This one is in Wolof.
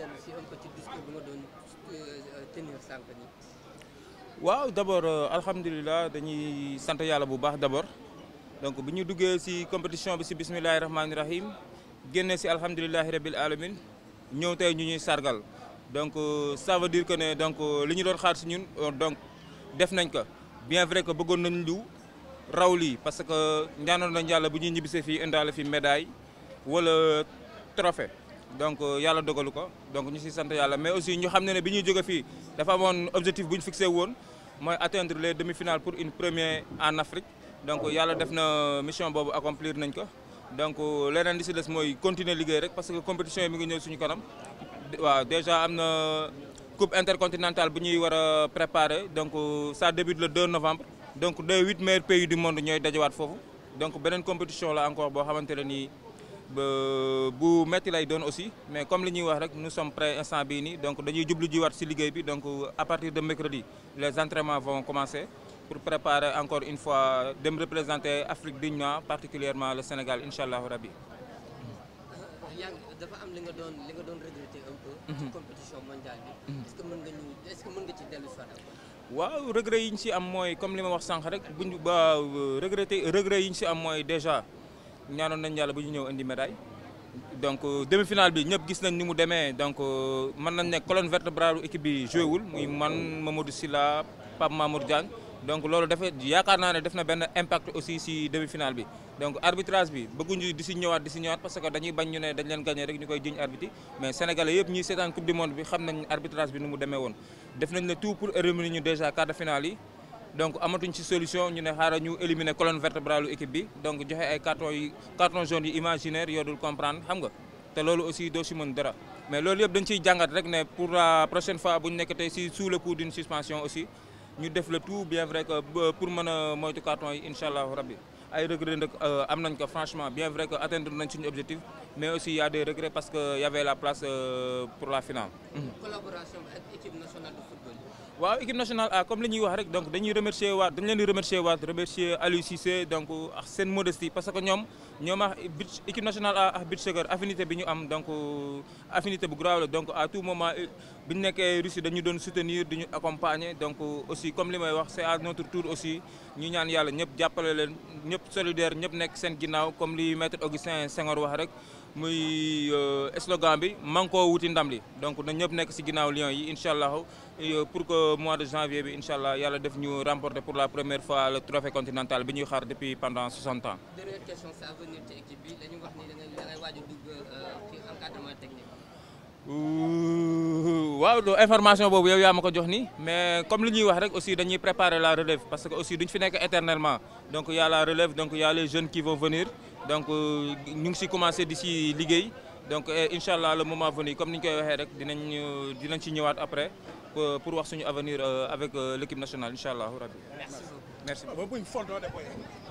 dellu si un peu waaw d'abord euh, alhamdulilah dañuy sant yàlla bu baax d'abord donc bi ñu duggee si compétition bi si bismillahi rahmaani rahim génne si alhamdulilahi rabil alamin ñëw tey ñu ñuy sargal donc save euh, veut dire que ne donc euh, li ñu doon xaar si ñun donc def nañ ko bien vrai que bëggoon nañ lu raw lii parce que ñaanoon nañ yàlla bu ñuy ñibbisee fii indaale fi médaille wala trophée donc euh, yàlla dogalu ko donc ñu si sant yàlla mais aussi ñoo xam ne ne bi ñuy jóge fii dafa amoon objectif bu ñu fixé woon mooy atteindre les demi-finales pour une première en Afrique donc euh, yàlla def na mission boobu accomplir nañ ko donc euh, leneen li si des mooy continuer liggéey rek parce que compétition mi ngi ñëw suñu kanam waaw déjà am na coupe intercontinentale bu ñuy war a préparer donc ça débute le 2 novembre donc les huit meilleurs pays du monde ñooy dajawaat foofu donc beneen compétition la encore boo xamante ne nii bu metti lay doon aussi mais comme li ñuy wax rek nous sommes prêts instant bii nii donc dañuy jublu jiwaat ci liggéey bi donc à partir de mercredi les entraînements vont commencer pour préparer encore une fois dem représenter Afrique dignement particulièrement le Sénégal incha allahu rabi. yaa ngi bi. Mhm. est-ce que mën waaw regret yi ñu si am mooy comme li ma wax sànq rek bu ba regretter regret yi ñu si am mooy déjà. ñaanoon nañ yàlla bu ñu ñëw indi médaille donc euh, demi-finale bi ñëpp gis nañ ni mu demee donc euh, mën nañ ne colonne vertébrale équipe bi joué muy man Mamadou Sylla Pape Mamour Diagne donc loolu dafa yaakaar naa ne def na benn impact aussi si demi-finale bi donc arbitrage bi bëgguñu di si ñëwaat di si ñëwaat parce que dañuy bañ ne dañ leen gagné rek ñu koy jiñ arbitre mais sénégalais yëpp ñiy seetaan coupe du monde bi xam nañ arbitrage bi nu mu demee woon def nañ le tout pour éliminer ñu déjà donc amatuñ ci solution ñu ne xaaral ñu éliminer colonne vertébrale u équipe bi donc joxe ay carton yi carton jaune yu imaginaire yoo dul comprendre xam nga te loolu aussi doo ci mën dara mais loolu yëpp dañ ciy jàngat rek ne pour la prochaine fois bu ñu nekk tey ci sous le coup d'une suspension aussi ñu def le tout bien vrai que pour mën a moytu carton yi incha allahu rabbi ay regrets nag euh, am nañ ko franchement bien vrai que atteindre nañ suñu objectif mais aussi y a des regrets que y avait la euh, pour la finale. Mmh. waaw équipe nationale A comme li ñuy wax rek donc dañuy remercier waat dañ leen di remercier waat remercier Aliou Cissé donc ak seen modestie parce que ñoom ñoom ak beach équipe nationale A ak beach affinité bi ñu am donc affinité bu grave la donc à tout moment bi ñu nekkee Russie dañu doon soutenir di ñu accompagner donc aussi comme li may wax c'est à notre tour aussi ñu ñaan yàlla ñëpp jàppale leen ñëpp solidaire ñëpp nekk seen ginnaaw comme li maître Augustin Senghor wax rek. muy euh, slogan bi mankoo wuti ndam li donc na ñëpp nekk ci ginnaaw lion yi incha allah euh, pour que mois de janvier bi incha allah yàlla def ñu remporter pour la première fois le trophée continental bi ñuy xaar depuis pendant 60 ans. dernière question a dugg euh, ci encadrement technique. waaw do information boobu yow yaa ma ko jox ni mais comme li ñuy wax rek aussi dañuy préparer la relève parce que aussi duñ fi nekk éternellement donc y a la relève donc y a les jeunes qui vont venir. donc euh, ñu ngi si commencé di si liggéey donc eh, incha allah le moment venu comme ni ñu koy waxee rek dinañ euh, dinañ ci ñëwaat après pour wax suñu avenir euh, avec l' équipe nationale allah allahu rabbi merci beaucoup merci beaucoup.